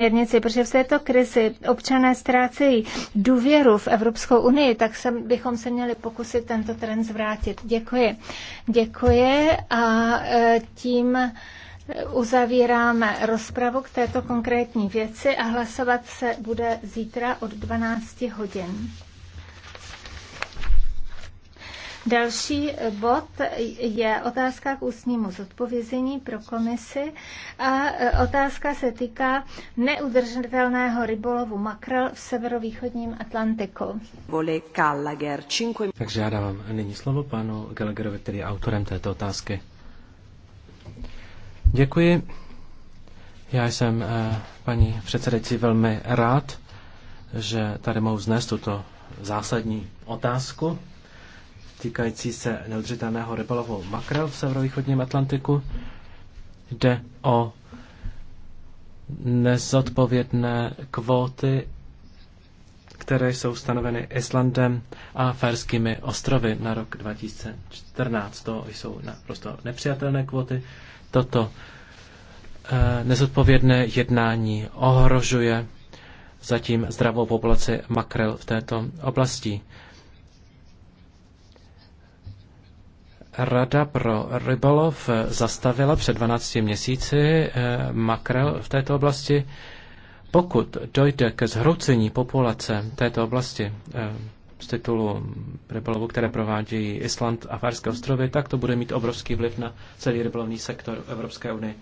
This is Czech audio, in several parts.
směrnici, protože v této krizi občané ztrácejí důvěru v Evropskou unii, tak se, bychom se měli pokusit tento trend zvrátit. Děkuji. Děkuji a e, tím e, uzavíráme rozpravu k této konkrétní věci a hlasovat se bude zítra od 12 hodin. Další bod je otázka k ústnímu zodpovězení pro komisi a otázka se týká neudržitelného rybolovu makrel v severovýchodním Atlantiku. Takže já dávám nyní slovo panu Gallagherovi, který je autorem této otázky. Děkuji. Já jsem, eh, paní předsedající, velmi rád, že tady mohu znést tuto zásadní otázku týkající se neudržitelného rybolovu makrel v severovýchodním Atlantiku. Jde o nezodpovědné kvóty, které jsou stanoveny Islandem a Ferskými ostrovy na rok 2014. To jsou naprosto nepřijatelné kvóty. Toto eh, nezodpovědné jednání ohrožuje zatím zdravou populaci makrel v této oblasti. Rada pro rybolov zastavila před 12 měsíci eh, makrel v této oblasti. Pokud dojde ke zhroucení populace této oblasti eh, z titulu rybolovu, které provádějí Island a Farské ostrovy, tak to bude mít obrovský vliv na celý rybolovný sektor Evropské unie.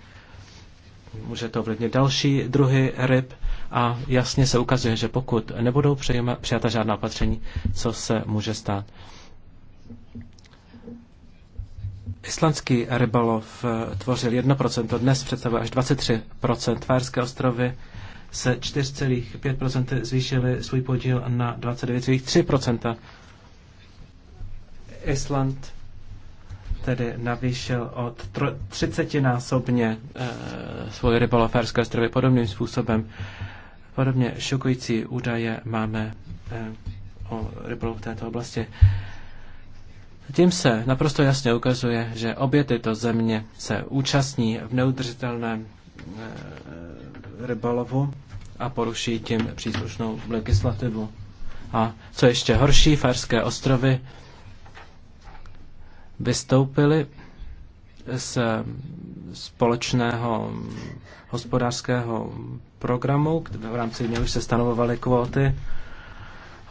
Může to ovlivnit další druhy ryb a jasně se ukazuje, že pokud nebudou přijata žádná opatření, co se může stát. Islandský rybolov eh, tvořil 1%, dnes představuje až 23%. Tvárské ostrovy se 4,5% zvýšily svůj podíl na 29,3%. Island tedy navýšil od 30 násobně e, eh, svoje ryboloférské ostrovy podobným způsobem. Podobně šokující údaje máme e, o rybolovu v této oblasti. E, tím se naprosto jasně ukazuje, že obě tyto země se účastní v neudržitelném eh, rybalovu a poruší tím příslušnou legislativu. A co ještě horší, Farské ostrovy vystoupily z společného hospodářského programu, v rámci něj už se stanovovaly kvóty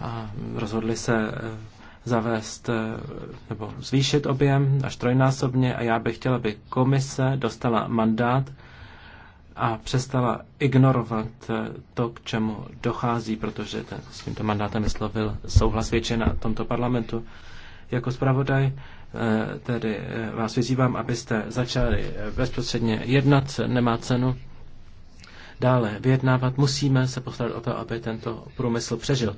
a rozhodli se zavést eh, nebo zvýšit objem až trojnásobně a já bych chtěla, aby komise dostala mandát a přestala ignorovat eh, to, k čemu dochází, protože ten, s tímto mandátem vyslovil souhlas většina tomto parlamentu. Jako zpravodaj eh, tedy vás vyzývám, abyste začali bezprostředně jednat, nemá cenu dále vyjednávat. Musíme se postarat o to, aby tento průmysl přežil.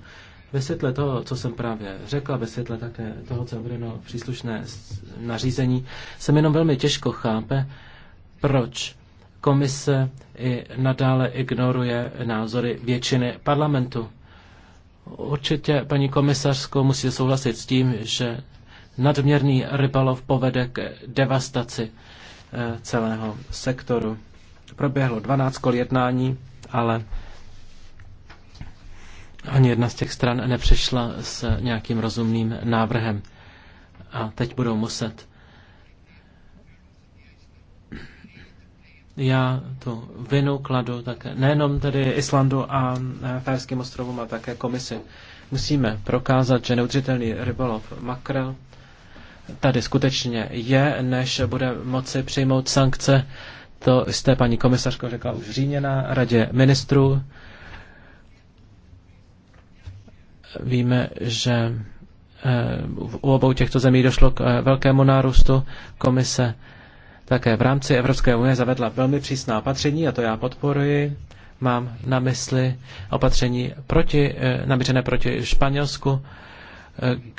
Ve světle toho, co jsem právě řekl, a ve světle také toho, co bude no příslušné nařízení, jsem jenom velmi těžko chápe, proč komise i nadále ignoruje názory většiny parlamentu. Určitě, paní komisařskou musí souhlasit s tím, že nadměrný rybalov povede k devastaci eh, celého sektoru. Proběhlo 12 kol jednání, ale ani jedna z těch stran nepřišla s nějakým rozumným návrhem. A teď budou muset. Já tu vinu kladu také nejenom tedy Islandu a e, Férským ostrovům, a také komisi. Musíme prokázat, že neudřitelný rybolov makrel tady skutečně je, než bude moci přijmout sankce. To jste, paní komisařko, řekla už Říněna, radě ministrů. Víme, že eh, u obou těchto zemí došlo k eh, velkému nárůstu komise. Také v rámci Evropské unie zavedla velmi přísná opatření, a to já podporuji. Mám na mysli opatření proti, eh, namířené proti Španělsku,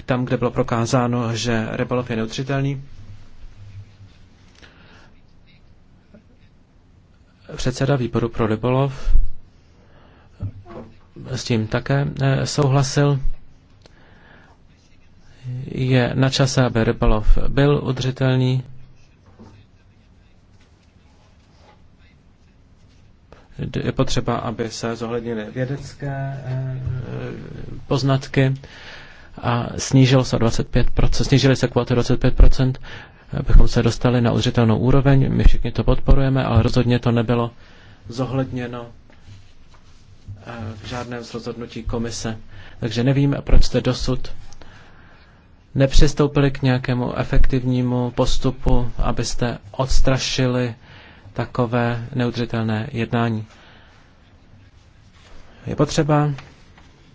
tam, kde bylo prokázáno, že rybolov je neutřitelný. Předseda výboru pro rybolov s tím také eh, souhlasil. Je na čase, aby Rybalov byl udržitelný. Je potřeba, aby se zohlednily vědecké eh, poznatky a snížil se 25%, snížili se kvóty 25%, abychom se dostali na udržitelnou úroveň. My všichni to podporujeme, ale rozhodně to nebylo zohledněno v eh, žádném z rozhodnutí komise. Takže nevím, proč jste dosud nepřistoupili k nějakému efektivnímu postupu, abyste odstrašili takové neudržitelné jednání. Je potřeba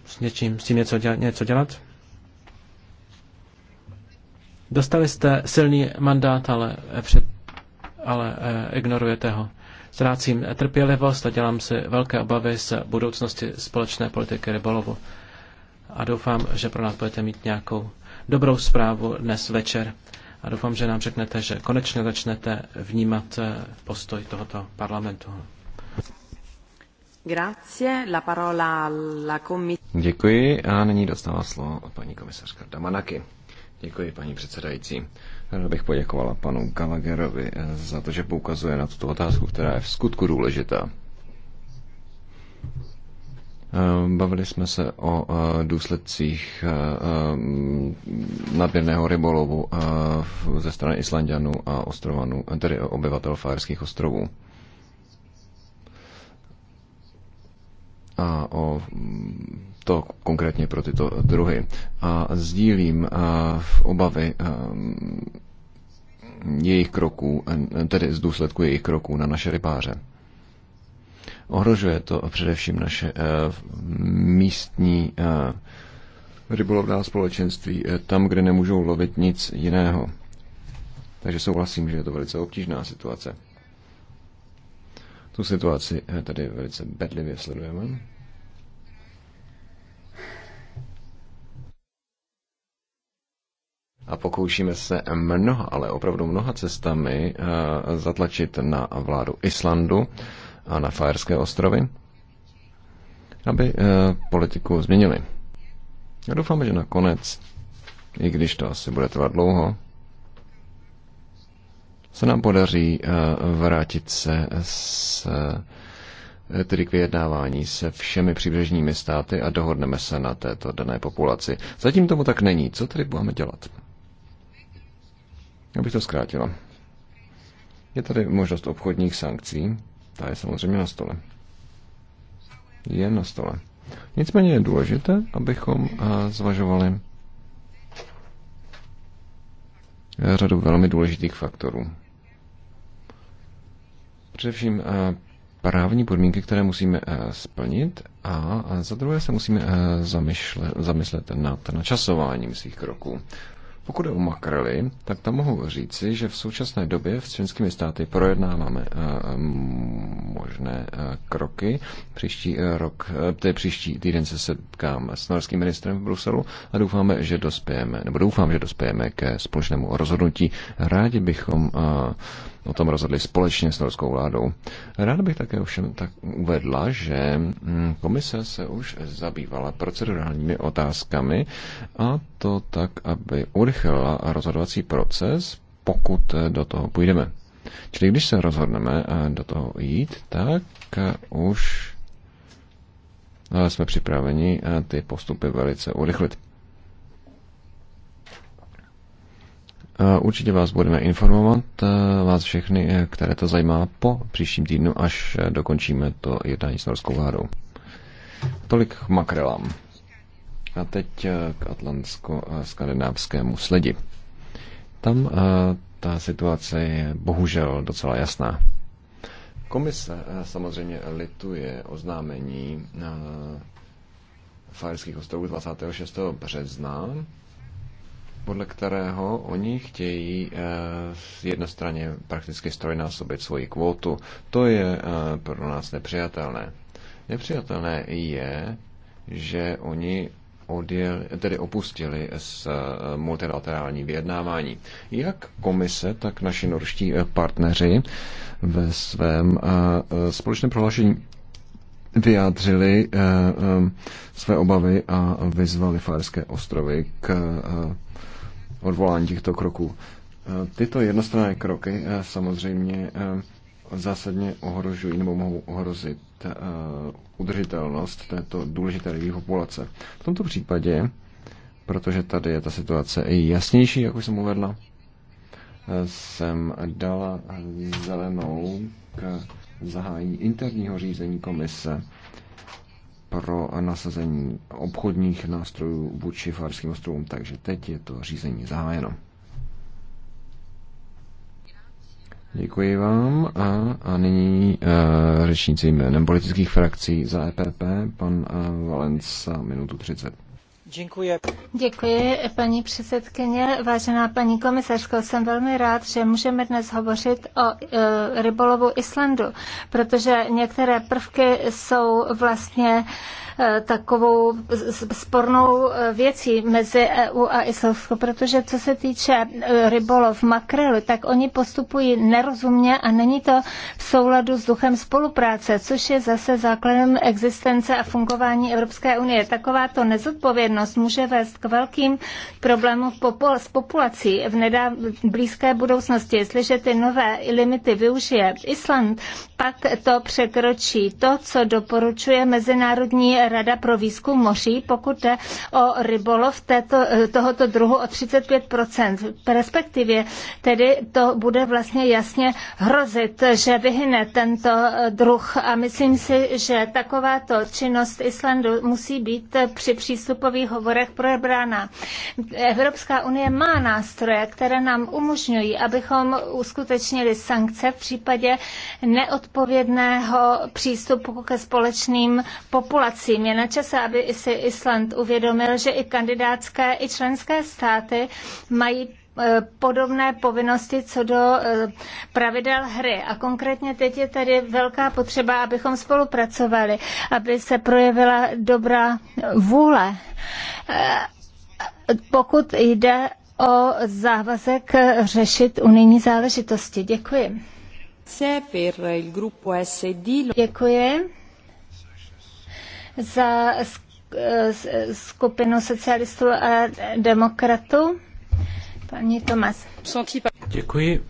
s, něčím, s tím něco dělat, něco dělat? Dostali jste silný mandát, ale, před, ale eh, ignorujete ho ztrácím trpělivost a dělám si velké obavy z budoucnosti společné politiky rybolovu. A doufám, že pro nás budete mít nějakou dobrou zprávu dnes večer. A doufám, že nám řeknete, že konečně začnete vnímat eh, postoj tohoto parlamentu. Grazie, la parola Děkuji a nyní dostává slovo paní komisařka Damanaki. Děkuji, paní předsedající. Ráda bych poděkovala panu Gallagherovi eh, za to, že poukazuje na tuto otázku, která je v skutku důležitá. Eh, bavili jsme se o eh, důsledcích nadměrného rybolovu ze strany Islandianů a ostrovanů, tedy obyvatel Fajerských ostrovů. A o to konkrétně pro tyto druhy. A sdílím v obavy jejich kroků, tedy z důsledku jejich kroků na naše rybáře. Ohrožuje to především naše místní rybolovná společenství e, tam, kde nemůžou lovit nic jiného. Takže souhlasím, že je to velice obtížná situace. Tu situaci e, tady velice bedlivě sledujeme. a pokoušíme se mnoha, ale opravdu mnoha cestami eh, zatlačit na vládu Islandu a na Fajerské ostrovy, aby eh, politiku změnili. Já doufám, že nakonec, i když to asi bude trvat dlouho, se nám podaří eh, vrátit se s tedy k vyjednávání se všemi příbřežními státy a dohodneme se na této dané populaci. Zatím tomu tak není. Co tedy budeme dělat? Abych to zkrátila. Je tady možnost obchodních sankcí, ta je samozřejmě na stole. Je na stole. Nicméně je důležité, abychom eh, zvažovali řadu velmi důležitých faktorů. Především eh, právní podmínky, které musíme eh, splnit a za druhé se musíme zamyslet nad načasováním svých kroků. Pokud je o makrely, tak tam mohu říci, že v současné době v členskými státy projednáváme eh, možné eh, kroky. Příští eh, rok, tedy příští týden se setkám s norským ministrem v Bruselu a doufáme, že dospějeme, nebo doufám, že dospějeme ke společnému rozhodnutí. Rádi bychom o tom rozhodli společně s norskou vládou. Rád bych také ovšem tak uvedla, že hm, komise se už zabývala procedurálními otázkami a to tak, aby urychlila rozhodovací proces, pokud eh, do toho půjdeme. Čili když se rozhodneme eh, do toho jít, tak eh, už jsme připraveni ty postupy velice urychlit. Určitě vás budeme informovat, vás všechny, e, které to zajímá, po příštím týdnu, až e, dokončíme to jednání s norskou vládou. Tolik k makrelám. A teď e, k atlantsko-skandinávskému sledi. Tam ta situace je bohužel docela jasná. Komise samozřejmě lituje oznámení Fajerských ostrovů 26. března podle kterého oni chtějí eh, straně prakticky strojnásobit svoji kvótu. To je eh, pro nás nepřijatelné. Nepřijatelné je, že oni odjel, tedy opustili s eh, multilaterální vyjednávání. Jak komise, tak naši norští partneři ve svém společném prohlášení vyjádřili své obavy a vyzvali Fárské ostrovy k odvolání těchto kroků. E, tyto jednostranné kroky e, samozřejmě e, zásadně ohrožují nebo mohou ohrozit udržitelnost této důležité lidí populace. V tomto případě, protože tady je ta situace i jasnější, jak už jsem uvedla, jsem dala zelenou k zahájení interního řízení komise pro nasazení obchodních nástrojů vůči Farským ostrovům, takže teď je to řízení zahájeno. Děkuji vám a, a nyní uh, řečníci jménem politických frakcí za EPP, pan uh, Valenca, minutu 30. Děkuji. Děkuji, paní předsedkyně. Vážená paní komisařko, jsem velmi rád, že můžeme dnes hovořit o e, rybolovu Islandu, protože některé prvky jsou vlastně Eh, takovou spornou eh, věcí mezi EU a Islavskou, protože co se týče eh, rybolov makrely, tak oni postupují nerozumně a není to v souladu s duchem spolupráce, což je zase základem existence a fungování Evropské unie. Takováto nezodpovědnost může vést k velkým problémům s populací v nedá, blízké budoucnosti. Jestliže ty nové limity využije Island, pak to překročí to, co doporučuje Mezinárodní Rada pro výzkum moří, pokud jde o rybolov této, tohoto druhu o 35 V perspektivě tedy to bude vlastně jasně hrozit, že vyhne tento druh a myslím si, že takováto činnost Islandu musí být při přístupových hovorech probrána. Evropská unie má nástroje, které nám umožňují, abychom uskutečnili sankce v případě neodpovědného přístupu ke společným populacím prosím, Je na čase, aby si Island uvědomil, že i kandidátské, i členské státy mají e, podobné povinnosti co do e, pravidel hry. A konkrétně teď je tady velká potřeba, abychom spolupracovali, aby se projevila dobrá vůle. E, pokud jde o závazek řešit unijní záležitosti. Děkuji. Děkuji za skupinu socialistů a demokratů. Paní Tomas. Děkuji.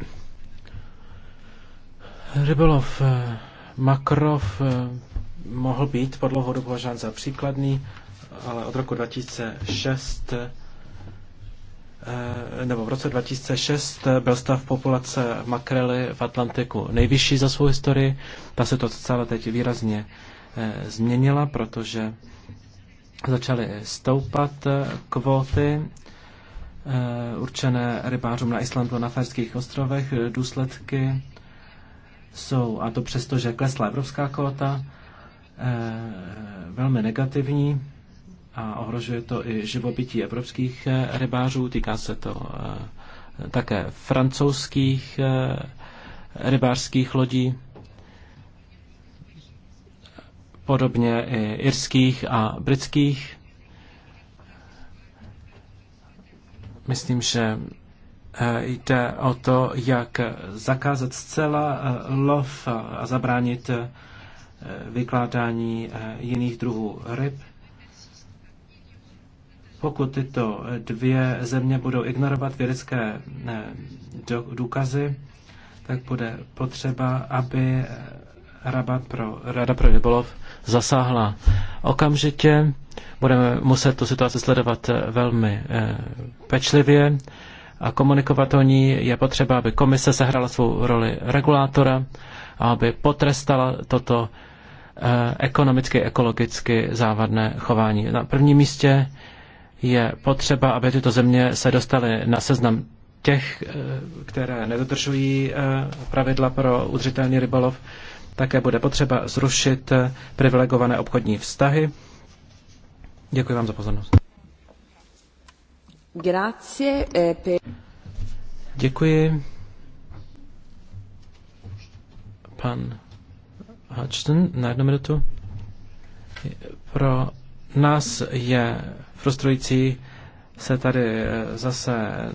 Rybolov eh, Makrov eh, mohl být po dlouhou dobu považován za příkladný, ale od roku 2006 eh, nebo v roce 2006 byl stav populace makrely v Atlantiku nejvyšší za svou historii. Ta se to celé teď výrazně Eh, změnila, protože začaly stoupat eh, kvóty eh, určené rybářům na Islandu a na Ferských ostrovech. Důsledky jsou, a to přesto, že klesla evropská kvota, velmi negativní a ohrožuje to i živobytí evropských rybářů. Týká se to také francouzských rybářských lodí podobně i irských a britských. Myslím, že eh, jde o to, jak zakázat zcela eh, lov a zabránit eh, vykládání jiných druhů ryb. Pokud tyto dvě země budou ignorovat vědecké důkazy, tak bude potřeba, aby Rabat pro, Rada pro rybolov zasáhla okamžitě. Budeme muset tu situaci sledovat eh, velmi eh, pečlivě a komunikovat o ní. Je potřeba, aby komise sehrála svou roli regulátora a aby potrestala toto eh, ekonomicky, ekologicky závadné chování. Na prvním místě je potřeba, aby tyto země se dostaly na seznam těch, eh, které nedodržují eh, pravidla pro udržitelný rybolov. Také bude potřeba zrušit privilegované obchodní vztahy. Děkuji vám za pozornost. Grazie. Eh, Děkuji. Pan Hudson na jednu minutu. Pro nás je frustrující se tady eh, zase eh,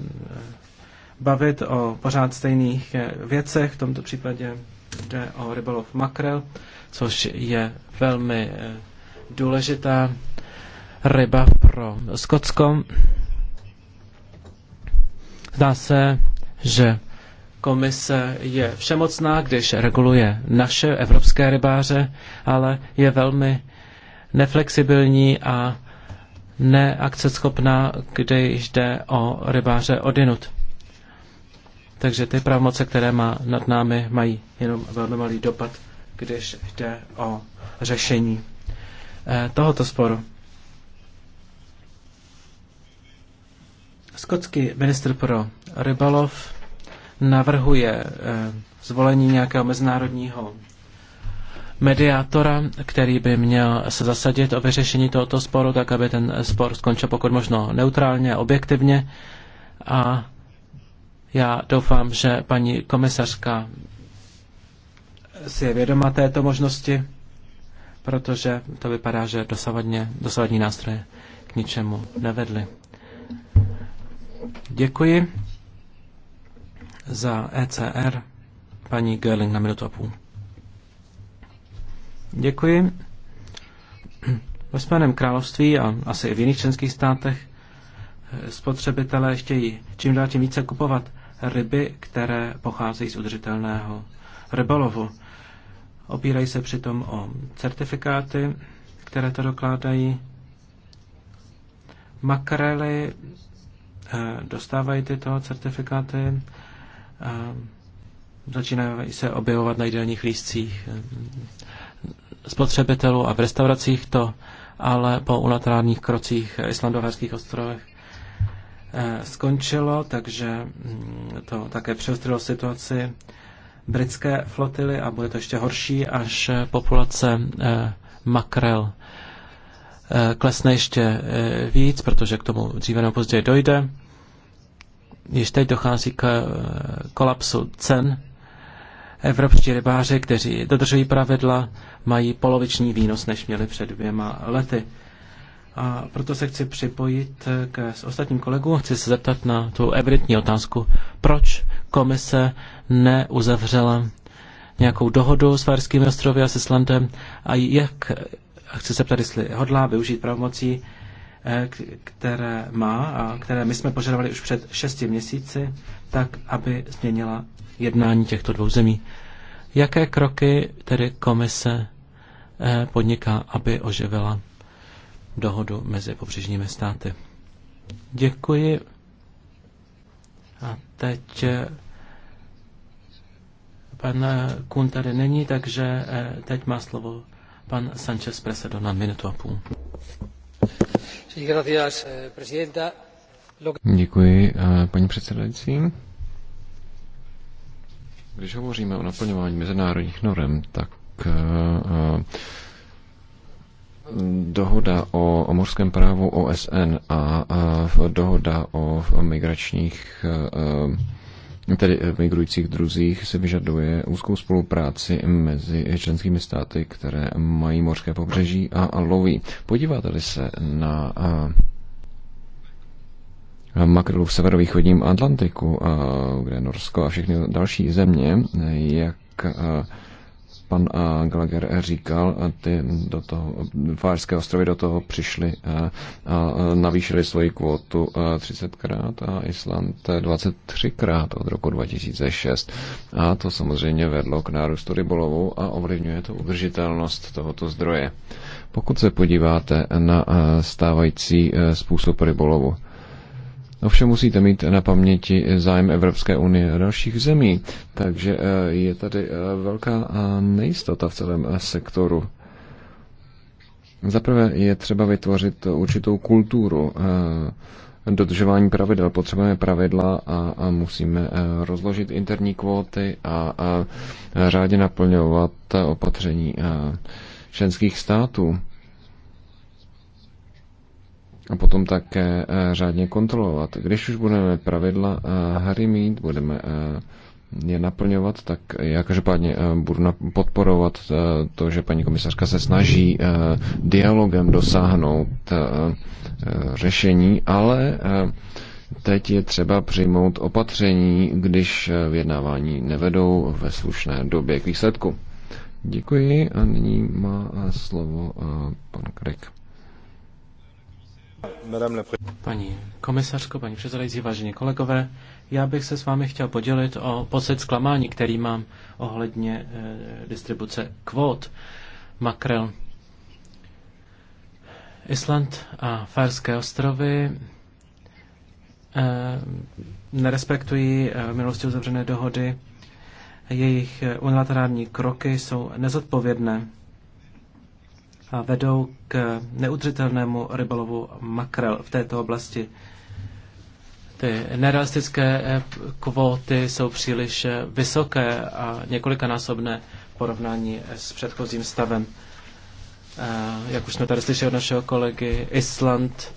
bavit o pořád stejných věcech, v tomto případě jde o rybolov makrel, což je velmi eh, důležitá ryba pro Skotsko. Zdá se, že komise je všemocná, když reguluje naše evropské rybáře, ale je velmi neflexibilní a neakceschopná, když jde o rybáře odinut. Takže ty pravomoce, které má nad námi, mají jenom velmi malý dopad, když jde o řešení eh, tohoto sporu. Skotský ministr pro rybalov navrhuje eh, zvolení nějakého mezinárodního mediátora, který by měl se zasadit o vyřešení tohoto sporu, tak aby ten spor skončil pokud možno neutrálně, objektivně a já doufám, že paní komisařka si je vědoma této možnosti, protože to vypadá, že dosavadně, dosavadní nástroje k ničemu nevedly. Děkuji za ECR paní Gerling na minutu a půl. Děkuji. Ve Spojeném království a asi i v jiných členských státech spotřebitelé chtějí čím dál tím více kupovat ryby, které pocházejí z udržitelného rybolovu. Opírají se přitom o certifikáty, které to dokládají. Makrely eh, dostávají tyto certifikáty, eh, začínají se objevovat na jídelních lístcích eh, spotřebitelů a v restauracích to, ale po unilaterálních krocích islandoverských ostrovech Eh, skončilo, takže mm, to také přeostřilo situaci britské flotily a bude to ještě horší, až eh, populace eh, makrel klesne ještě víc, protože k tomu dříve nebo později dojde. Již teď dochází k kolapsu cen. Evropští rybáři, kteří dodržují pravidla, mají poloviční výnos, než měli před dvěma lety. A proto se chci připojit k s ostatním kolegům. Chci se zeptat na tu evidentní otázku. Proč komise neuzavřela nějakou dohodu s Farským ostrovy a s Islandem a jak, chci se ptat, jestli hodlá využít pravomocí, eh, které má a které my jsme požadovali už před šesti měsíci, tak aby změnila jednání těchto dvou zemí. Jaké kroky tedy komise eh, podniká, aby oživila dohodu mezi pobřežními státy. Děkuji. A teď eh, pan Kun tady není, takže eh, teď má slovo pan Sanchez Presedo na minutu a půl. Eh, Děkuji, paní předsedající. Když hovoříme o naplňování mezinárodních norm, tak dohoda o morském právu OSN a, dohoda o migračních eh, tedy eh, migrujících druzích se vyžaduje úzkou spolupráci mezi členskými státy, které mají mořské pobřeží a loví. Podíváte-li se na eh, makrelu v severovýchodním Atlantiku, kde Norsko a všechny další země, jak pan eh, Gallagher říkal, eh, ty do toho, Fářské ostrovy do toho přišly eh, a navýšili svoji kvotu 30krát a Island 23krát od roku 2006. A to samozřejmě vedlo k nárůstu rybolovu a ovlivňuje to udržitelnost tohoto zdroje. Pokud se podíváte na stávající způsob rybolovu, Ovšem musíte mít na paměti zájem Evropské unie a dalších zemí, takže eh, je tady eh, velká eh, nejistota v celém sektoru. Zaprvé je třeba vytvořit určitou kulturu dodržování pravidel. Potřebujeme pravidla a, musíme rozložit interní kvóty a, a řádně naplňovat opatření členských států a potom také eh, řádně kontrolovat. Když už budeme pravidla eh, hry mít, budeme eh, je naplňovat, tak já každopádně budu podporovat to, že paní komisařka se snaží dialogem dosáhnout řešení, ale teď je třeba přijmout opatření, když vyjednávání nevedou ve slušné době k výsledku. Děkuji a nyní má slovo pan Krek. Paní komisařko, paní předsedající, vážení kolegové, já bych se s vámi chtěl podělit o pocit zklamání, který mám ohledně e, distribuce kvót makrel. Island a Farské ostrovy e, nerespektují eh, v minulosti uzavřené dohody. Jejich unilaterální kroky jsou nezodpovědné vedou k neudržitelnému rybolovu makrel v této oblasti. Ty nerealistické eh, kvóty jsou příliš eh, vysoké a několikanásobné v porovnání eh, s předchozím stavem. Jak už jsme tady slyšeli od našeho kolegy, Island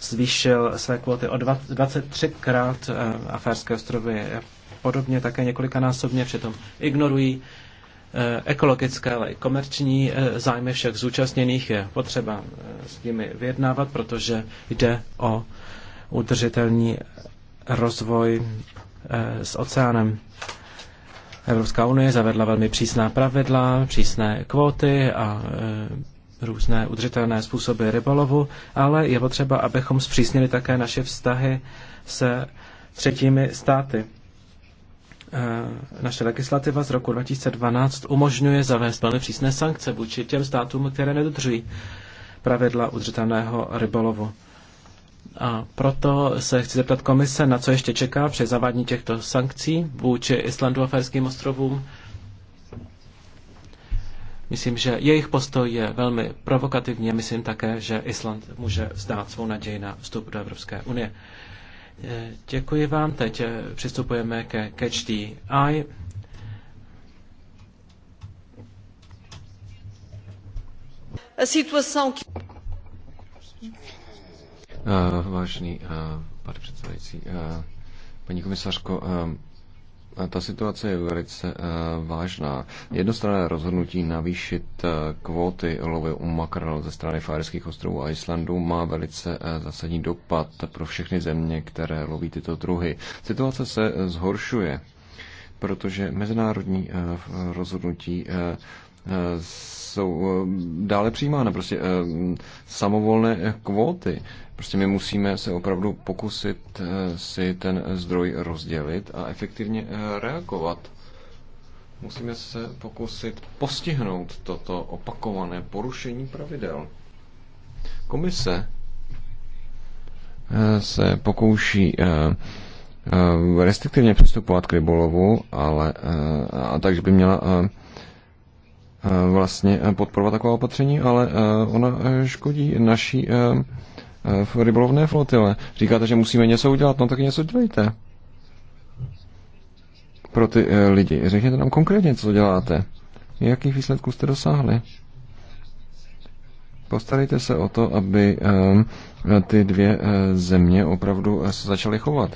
zvýšil své kvóty o 23 krát a Férské ostrovy podobně také několikanásobně, přitom ignorují Eh, ekologické, ale i komerční eh, zájmy všech zúčastněných je potřeba eh, s nimi vyjednávat, protože jde o udržitelný rozvoj s oceánem. Evropská unie zavedla velmi přísná pravidla, přísné kvóty a různé udržitelné způsoby rybolovu, ale je potřeba, abychom zpřísnili také naše vztahy se třetími státy. Eh, naše legislativa z roku 2012 umožňuje zavést velmi přísné sankce vůči těm státům, které nedodržují pravidla udržitelného rybolovu. A proto se chci zeptat komise, na co ještě čeká při zavádění těchto sankcí vůči Islandu a Ferským ostrovům. Myslím, že jejich postoj je velmi provokativní a myslím také, že Island může vzdát svou naději na vstup do Evropské unie. Děkuji vám. Teď eh, přistupujeme ke Catch the Eye. A situação que... Uh, uh, pane předsedající, uh, paní komisařko, uh, ta situace je velice eh, vážná. Jednostranné rozhodnutí navýšit eh, kvóty lovy u makrel ze strany Fajerských ostrovů a Islandu má velice eh, zásadní dopad pro všechny země, které loví tyto druhy. Situace se zhoršuje, protože mezinárodní rozhodnutí jsou eh, dále přijímána, prostě eh, samovolné kvóty. Prostě my musíme se opravdu pokusit eh, si ten zdroj rozdělit a efektivně reagovat. Musíme se pokusit postihnout toto opakované porušení pravidel. Komise se pokouší restriktivně přistupovat k rybolovu, ale a takže by měla Eh, vlastně eh, podporovat taková opatření, ale eh, ona škodí naší rybolovné flotile. Říkáte, že musíme něco udělat, no tak něco dělejte. Pro ty lidi. Řekněte nám konkrétně, co děláte. Jakých výsledků jste dosáhli? Postarejte se o to, aby ty dvě země opravdu se začaly chovat.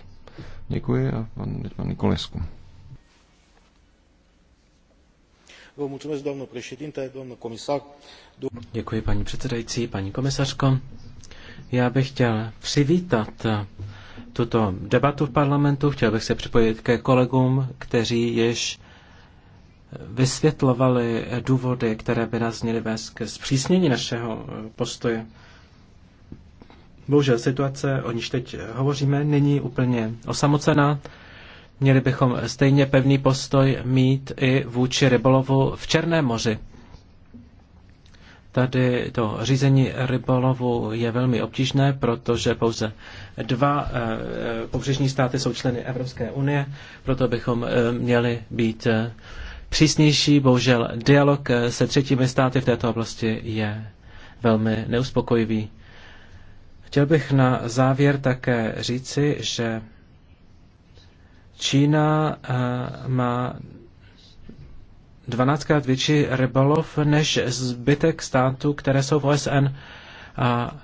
Děkuji a pan, pan Nikolesku. Děkuji, paní předsedající, paní komisařko. Já bych chtěl přivítat eh, tuto debatu v parlamentu. Chtěl bych se připojit ke kolegům, kteří již vysvětlovali důvody, které by nás měly vést ke zpřísnění našeho eh, postoje. Bohužel situace, o níž teď hovoříme, není úplně osamocená. Měli bychom stejně pevný postoj mít i vůči rybolovu v Černém moři. Tady to řízení rybolovu je velmi obtížné, protože pouze dva eh, eh, pobřežní státy jsou členy Evropské unie, proto bychom eh, měli být přísnější. Bohužel dialog se třetími státy v této oblasti je velmi neuspokojivý. Chtěl bych na závěr také říci, že Čína uh, má 12 krát větší rybolov než zbytek států, které jsou v OSN. A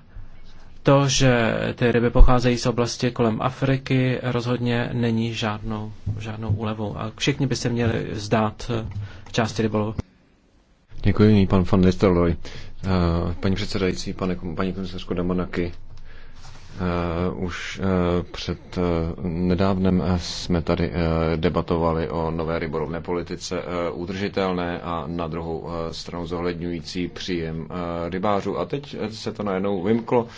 to, že ty ryby pocházejí z oblasti kolem Afriky, rozhodně není žádnou, žádnou úlevou. A všichni by se měli zdát v eh, části rybolovu. Děkuji, pan van Nistelrooy. Eh, paní předsedající, pane, paní komisařko Damanaky, Uh, už uh, před uh, nedávnem jsme tady uh, debatovali o nové ryborovné politice uh, udržitelné a na druhou uh, stranu zohledňující příjem uh, rybářů. A teď se to najednou vymklo uh,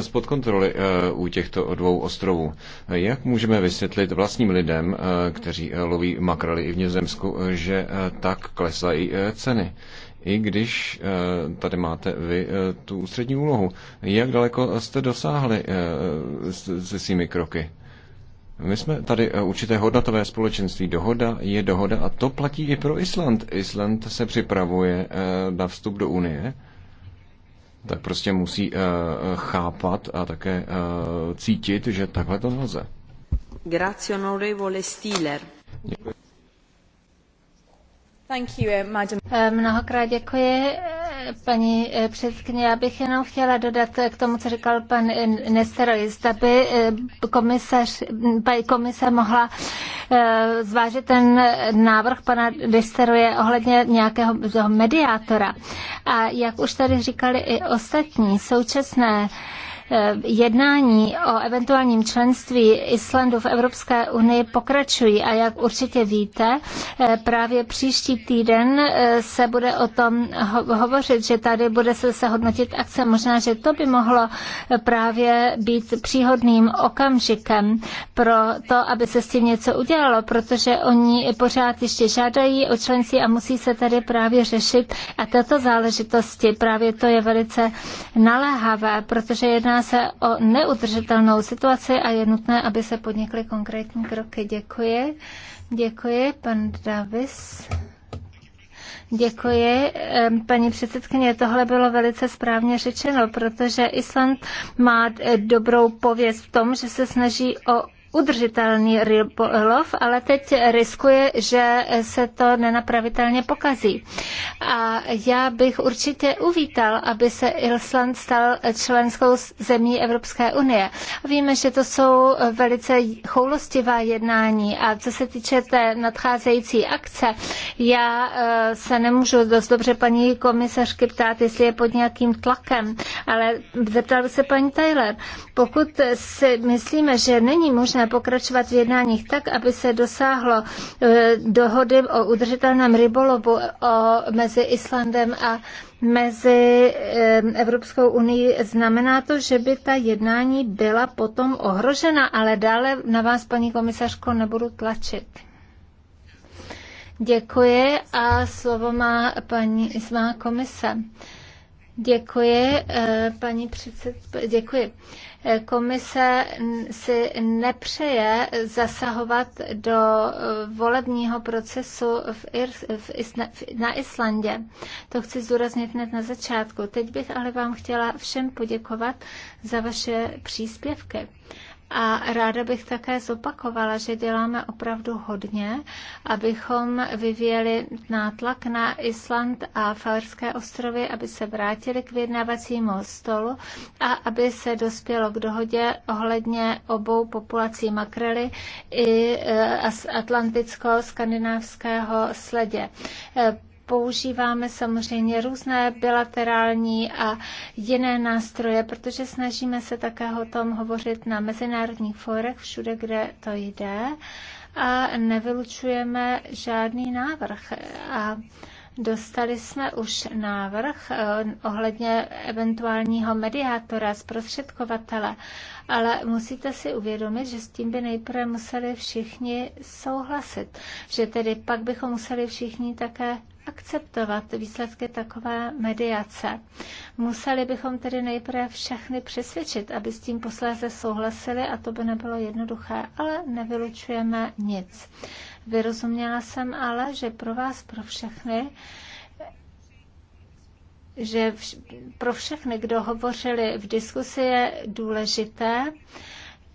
spod kontroly eh, u těchto dvou ostrovů. Jak můžeme vysvětlit vlastním lidem, eh, kteří eh, loví makrely i v Nězemsku, že tak klesají ceny? i když tady máte vy tu ústřední úlohu. Jak daleko jste dosáhli se svými kroky? My jsme tady určité hodnotové společenství. Dohoda je dohoda a to platí i pro Island. Island se připravuje na vstup do Unie tak prostě musí eh, chápat a také eh, cítit, že takhle to nelze. Grazie onorevole Stiller. Děkuji. Thank you, eh, madam. Mnohokrát děkuji paní eh, předsedkyně. Já bych jenom chtěla dodat k tomu, co říkal pan eh, Nesterojist, aby eh, komisař, paní komise mohla zvážit ten návrh pana Nesteroje ohledně nějakého mediátora. A jak už tady říkali i ostatní, současné Eh, jednání o eventuálním členství Islandu v Evropské unii pokračují a jak určitě víte, eh, právě příští týden eh, se bude o tom hovořit, že tady bude se, se hodnotit akce. Možná, že to by mohlo právě být příhodným okamžikem pro to, aby se s tím něco udělalo, protože oni pořád ještě žádají o členství a musí se tady právě řešit a tato záležitosti, právě to je velice naléhavé, protože jedná se o neudržitelnou situaci a je nutné, aby se podnikly konkrétní kroky. Děkuji. Děkuji, pan Davis. Děkuji. Paní předsedkyně, tohle bylo velice správně řečeno, protože Island má eh, dobrou pověst v tom, že se snaží o udržitelný rybolov, ale teď riskuje, že se to nenapravitelně pokazí. A já bych určitě uvítal, aby se Island stal členskou zemí Evropské unie. Víme, že to jsou velice choulostivá jednání a co se týče té nadcházející akce, já eh, se nemůžu dost dobře paní komisařky ptát, jestli je pod nějakým tlakem, ale zeptal se paní Taylor, pokud si myslíme, že není možné možné pokračovat v jednáních tak, aby se dosáhlo e, dohody o udržitelném rybolovu e, o, mezi Islandem a mezi e, Evropskou unii, znamená to, že by ta jednání byla potom ohrožena, ale dále na vás, paní komisařko, nebudu tlačit. Děkuji a slovo má paní Ismá komise. Děkuji, eh, paní předsed... Děkuji. Eh, komise si nepřeje zasahovat do eh, volebního procesu v Ir- v Isna- na Islandě. To chci zdůraznit hned na začátku. Teď bych ale vám chtěla všem poděkovat za vaše příspěvky. A ráda bych také zopakovala, že děláme opravdu hodně, abychom vyvíjeli nátlak na Island a Falerské ostrovy, aby se vrátili k vyjednávacímu stolu a aby se dospělo k dohodě ohledně obou populací makrely i eh, atlantického skandinávského sledě. Eh, používáme samozřejmě různé bilaterální a jiné nástroje, protože snažíme se také o tom hovořit na mezinárodních fórech, všude, kde to jde a nevylučujeme žádný návrh. A Dostali jsme už návrh eh, ohledně eventuálního mediátora, zprostředkovatele, ale musíte si uvědomit, že s tím by nejprve museli všichni souhlasit, že tedy pak bychom museli všichni také akceptovat výsledky takové mediace. Museli bychom tedy nejprve všechny přesvědčit, aby s tím posléze souhlasili a to by nebylo jednoduché, ale nevylučujeme nic. Vyrozuměla jsem ale, že pro vás, pro všechny, že vš- pro všechny, kdo hovořili v diskusi, je důležité,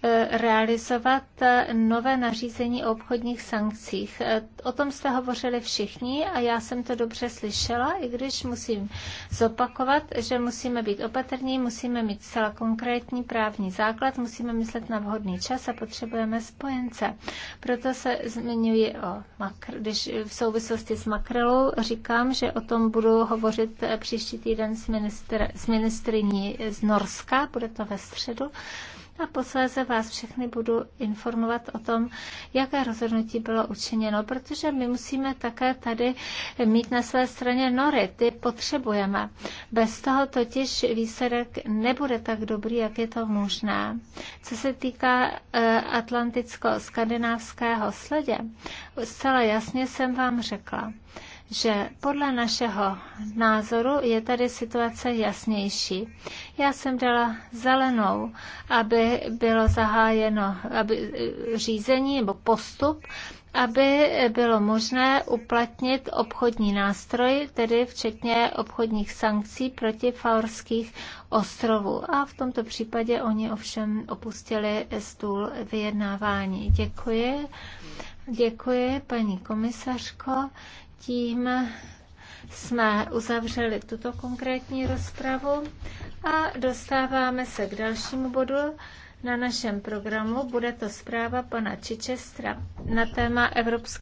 E, realizovat e, nové nařízení o obchodních sankcích. E, o tom jste hovořili všichni a já jsem to dobře slyšela, i když musím zopakovat, že musíme být opatrní, musíme mít celá konkrétní právní základ, musíme myslet na vhodný čas a potřebujeme spojence. Proto se zmiňuji o makr, když v souvislosti s makrelou říkám, že o tom budu hovořit příští týden s, ministr, s ministriní z Norska, bude to ve středu a posléze vás všechny budu informovat o tom, jaké rozhodnutí bylo učiněno, protože my musíme také tady mít na své straně nory, ty potřebujeme. Bez toho totiž výsledek nebude tak dobrý, jak je to možné. Co se týká eh, atlanticko-skandinávského sledě, zcela jasně jsem vám řekla, že podle našeho názoru je tady situace jasnější. Já jsem dala zelenou, aby bylo zahájeno aby eh, řízení nebo postup, aby bylo možné uplatnit obchodní nástroj, tedy včetně obchodních sankcí proti Faorských ostrovů. A v tomto případě oni ovšem opustili stůl vyjednávání. Děkuji. Děkuji, paní komisařko tím jsme uzavřeli tuto konkrétní rozpravu a dostáváme se k dalšímu bodu na našem programu. Bude to zpráva pana Čičestra na téma Evropské